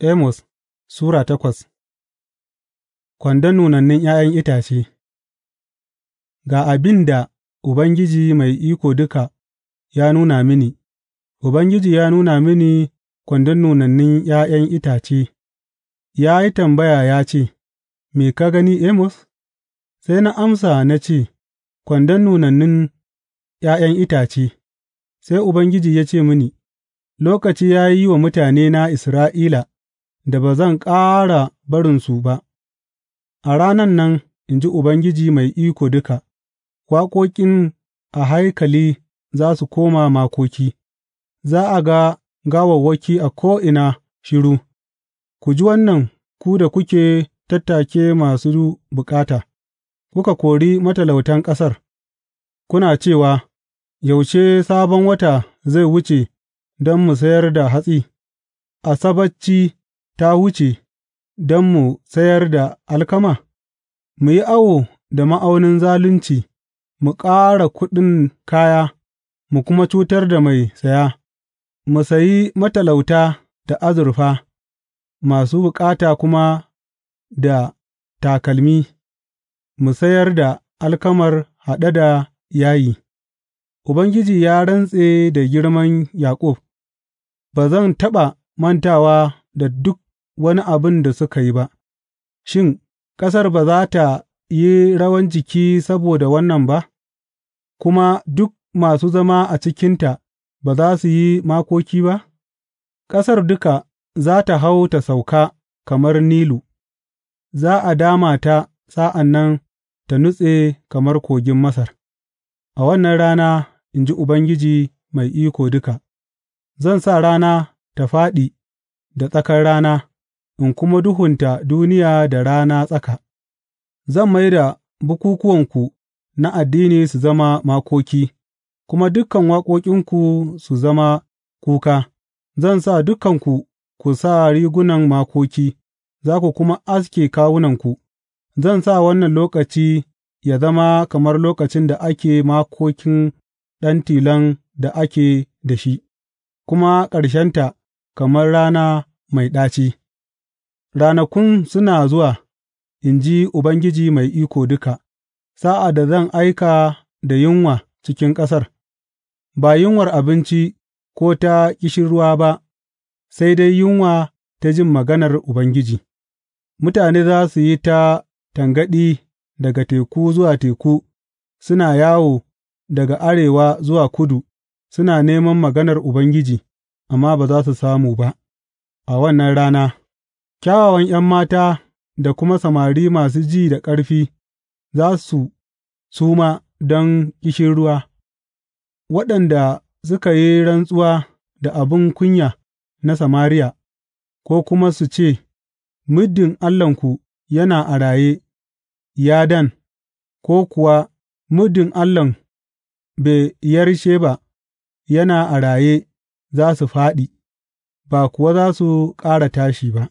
Amos Sura takwas Kwandon nunannin ’ya'yan itace Ga abin da Ubangiji Mai Iko Duka ya nuna mini, Ubangiji ya nuna mini kwandon nunannun ’ya'yan itace, ya yi tambaya ya ce, Me ka gani, Amos? Sai na amsa na ce, Kwandon nunannin ’ya'yan itace, sai Ubangiji ya ce mini, Lokaci ya yi wa mutane na Isra'ila. da ba zan ƙara barinsu ba, a ranan nan, in ji Ubangiji Mai Iko Duka, waƙoƙin a haikali za su koma makoki, za a ga gawawwaki a ko'ina shiru, ku ji wannan ku da kuke tattake masu bukata, kuka kori matalautan ƙasar, kuna cewa, Yaushe sabon wata zai wuce don mu sayar da hatsi, Asabacci ta wuce don mu sayar da alkama, mu yi awo da ma'aunin zalunci mu ƙara kuɗin kaya mu kuma cutar da mai saya, mu sayi matalauta da azurfa, masu bukata kuma da takalmi, mu sayar da alkamar haɗe da yayi. Ubangiji ya rantse da girman Yaƙub, ba zan taɓa mantawa da duk wani abin da suka yi ba, shin, ƙasar ba za tă yi rawan jiki saboda wannan ba, kuma duk masu zama a cikinta ba za su yi makoki ba? Ƙasar duka za ta hau ta sauka kamar Nilu, za a dama ta sa'an nan ta nutse kamar kogin Masar. A wannan rana, in ji Ubangiji Mai Iko Duka, zan sa rana ta fāɗi da tsakar rana. in kuma duhunta duniya da rana tsaka; zan mai da bukukkuwanku na addini su zama makoki, kuma dukan waƙoƙinku su zama kuka; zan sa dukanku ku sa rigunan makoki, za ku kuma aske kawunanku; zan sa wannan lokaci ya zama kamar lokacin da ake makokin ɗan tilan da ake da shi, kuma ƙarshenta kamar rana mai ɗaci. Ranakun suna zuwa, in ji Ubangiji Mai Iko Duka, sa'ad da zan aika da yunwa cikin ƙasar, ba yunwar abinci ko ta ƙishirwa ba, sai dai yunwa ta jin maganar Ubangiji; mutane za su yi ta tangaɗi daga teku zuwa teku, suna yawo daga arewa zuwa kudu, suna neman maganar Ubangiji, amma ba za su samu ba a wannan rana. Kyawawan ’yan mata da kuma samari masu ji da ƙarfi za su suma don ƙishirwa, waɗanda suka yi rantsuwa da abin kunya na Samariya, ko kuma su ce, Muddin allahnku yana a raye, ya Dan,’ ko kuwa, Muddin allahn Beyersheba yana a raye, za su fāɗi, ba kuwa za su ƙara tashi ba.